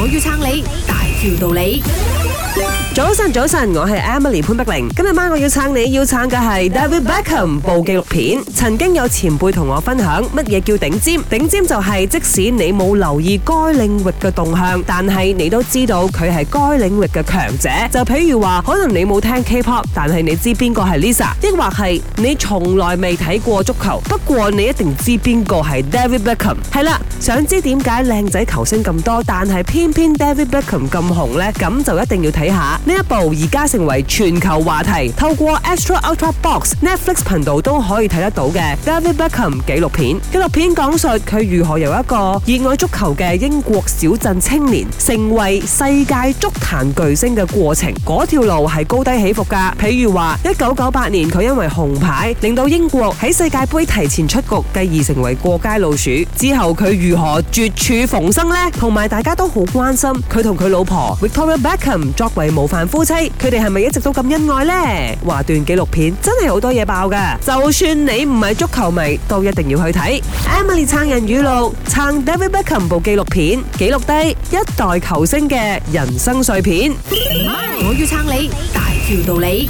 我要撐你，大條道理。早晨，早晨，我係 Emily 潘碧玲。今日晚我要撐你要撐嘅係 David Beckham 部紀錄片。曾經有前輩同我分享，乜嘢叫頂尖？頂尖就係即使你冇留意該領域嘅動向，但係你都知道佢係該領域嘅強者。就譬如話，可能你冇聽 K-pop，但係你知邊個係 Lisa；抑或係你從來未睇過足球，不過你一定知邊個係 David Beckham。係啦，想知點解靚仔球星咁多，但係偏偏 David Beckham 咁紅呢？咁就一定要睇下。呢一部而家成為全球話題，透過 Astro Ultra Box Netflix 頻道都可以睇得到嘅 David Beckham 紀錄片。紀錄片講述佢如何由一個熱愛足球嘅英國小鎮青年，成為世界足壇巨星嘅過程。嗰條路係高低起伏噶，譬如話一九九八年佢因為紅牌，令到英國喺世界杯提前出局，繼而成為過街老鼠。之後佢如何絕處逢生呢？同埋大家都好關心佢同佢老婆 Victoria Beckham 作為模範凡夫妻，佢哋係咪一直都咁恩愛呢？話段紀錄片真係好多嘢爆㗎，就算你唔係足球迷，都一定要去睇。Emily 撐人語錄，撐 David Beckham 部紀錄片，記錄低一代球星嘅人生碎片。唔係，我要撐你，大條道理。